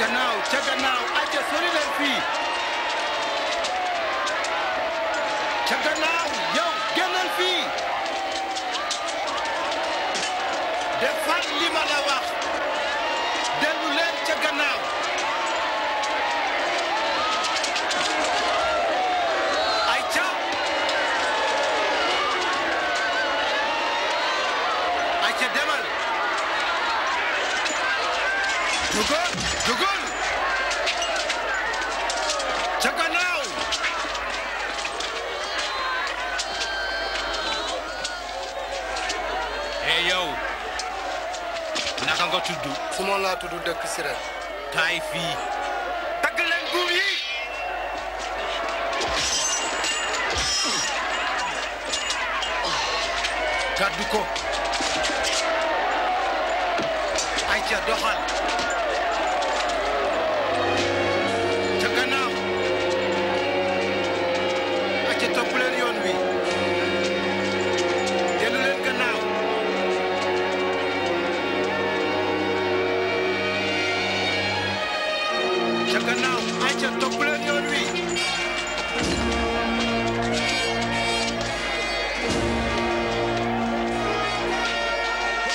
gannaaw ca gannaaw acca sori leen fii ca gannaaw yow génnal fii defal li ma la wax dellu ca gannaaw ayca ayca demal dugal dugal ca gannaaw hey yow naka nga tudd su ma laa tudd dëkk Sirel taay fii tagg leen buum yi kaddu ko doxal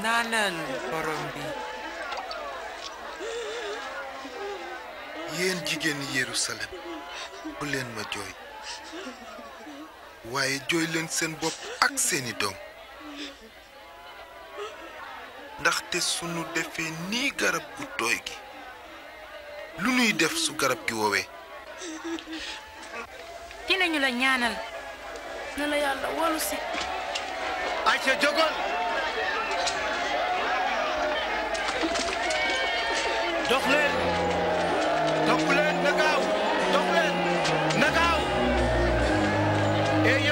naanal borom bi yéen jigéeni Yerusalem bu leen ma jooy waaye jooyleen seen bopp ak seeni doom ndaxte sunu defee nii garab gu tooy gi lu ñuy def su garab gi woowee dinañu la ñaanal na la yàlla wolu si ay jógal dox leen topp leen na gaaw dox leen na gaaw